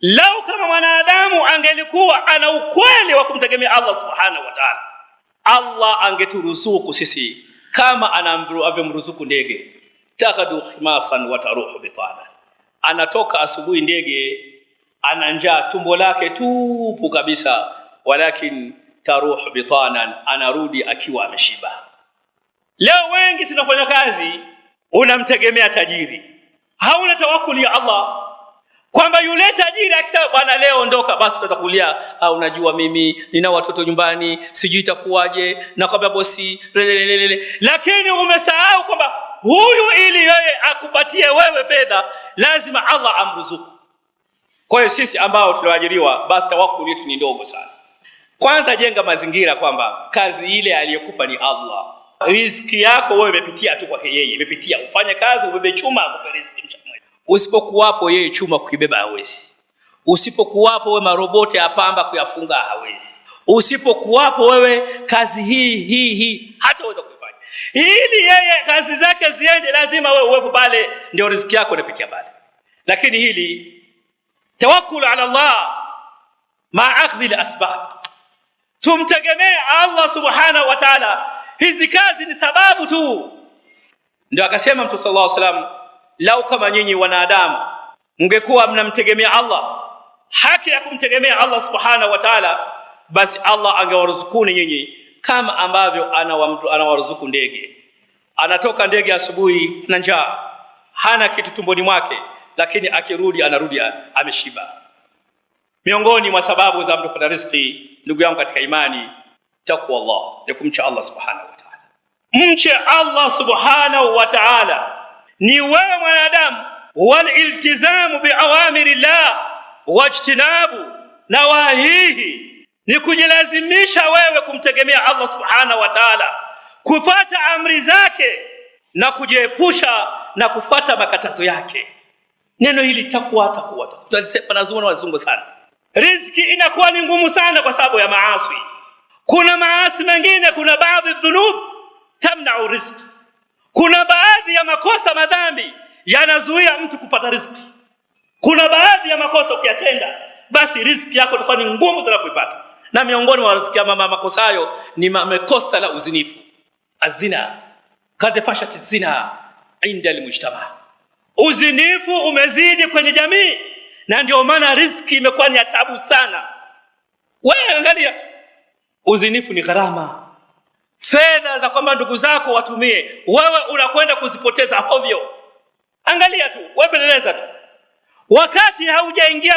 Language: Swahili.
Lau kama mwanadamu angelikuwa ana ukweli wa kumtegemea Allah subhanahu wa ta'ala, Allah angeturuzuku sisi kama anavyomruzuku ndege. takadu khimasan wa taruhu bitana, anatoka asubuhi ndege ana njaa, tumbo lake tupu kabisa, walakin taruhu bitanan, anarudi akiwa ameshiba. Leo wengi sinafanya kazi, unamtegemea tajiri, hauna tawakuli ya Allah kwamba yule tajiri akisema bwana, leo ondoka, basi tutakulia, ah, unajua mimi nina watoto nyumbani, sijui itakuwaje, na kwamba bosi lelelele. Lakini umesahau kwamba huyu ili yeye akupatie wewe fedha lazima Allah amruzuku. Kwa hiyo sisi ambao tulioajiriwa, basi tawakkul yetu ni ndogo sana. Kwanza jenga mazingira kwamba kazi ile aliyokupa ni Allah. Riziki yako wewe imepitia tu kwake yeye, imepitia ufanye kazi, ubebe chuma akupe riziki. Usipokuwapo yeye, chuma kukibeba hawezi. Usipokuwapo wewe, maroboti ya pamba kuyafunga hawezi. Usipokuwapo wewe, kazi hii hii hii hataweza kuifanya. Ili yeye kazi zake ziende, lazima wewe uwepo pale, ndio riziki yako inapitia pale. Lakini hili tawakkul ala Allah ma akhdhi al-asbab, tumtegemee Allah subhanahu wa ta'ala. Hizi kazi ni sababu tu, ndio akasema Mtume sallallahu alaihi wasallam lau kama nyinyi wanadamu mngekuwa mnamtegemea Allah haki ya kumtegemea Allah subhanahu wa ta'ala, basi Allah angewaruzukuni nyinyi kama ambavyo anawaruzuku ndege. Anatoka ndege asubuhi na njaa, hana kitu tumboni mwake, lakini akirudi anarudi ameshiba. Miongoni mwa sababu za mtu kupata riziki, ndugu yangu katika imani, takwa Allah, ni kumcha Allah subhanahu wa ta'ala. Mche Allah subhanahu wa ta'ala ni wewe mwanadamu, waliltizamu biawamiri llah wajtinabu nawahihi, ni kujilazimisha wewe kumtegemea Allah subhanahu wa taala, kufuata amri zake na kujiepusha na kufuata makatazo yake. Neno hili takwa, takwa, zungu na wazungu sana. Riziki inakuwa ni ngumu sana kwa sababu ya maasi. Kuna maasi mengine, kuna baadhi dhunub tamnau riziki kuna baadhi ya makosa madhambi yanazuia mtu kupata riziki. Kuna baadhi ya makosa ukiyatenda, basi riziki yako itakuwa ni ngumu sana kuipata, na miongoni mwa riziki ya mama makosa hayo ni makosa la uzinifu, azina kad zina inda almujtama, uzinifu umezidi kwenye jamii, na ndio maana riziki imekuwa ni taabu sana. Wewe angalia tu, uzinifu ni gharama fedha za kwamba ndugu zako watumie, wewe unakwenda kuzipoteza ovyo. Angalia tu, wewe tu, wakati haujaingia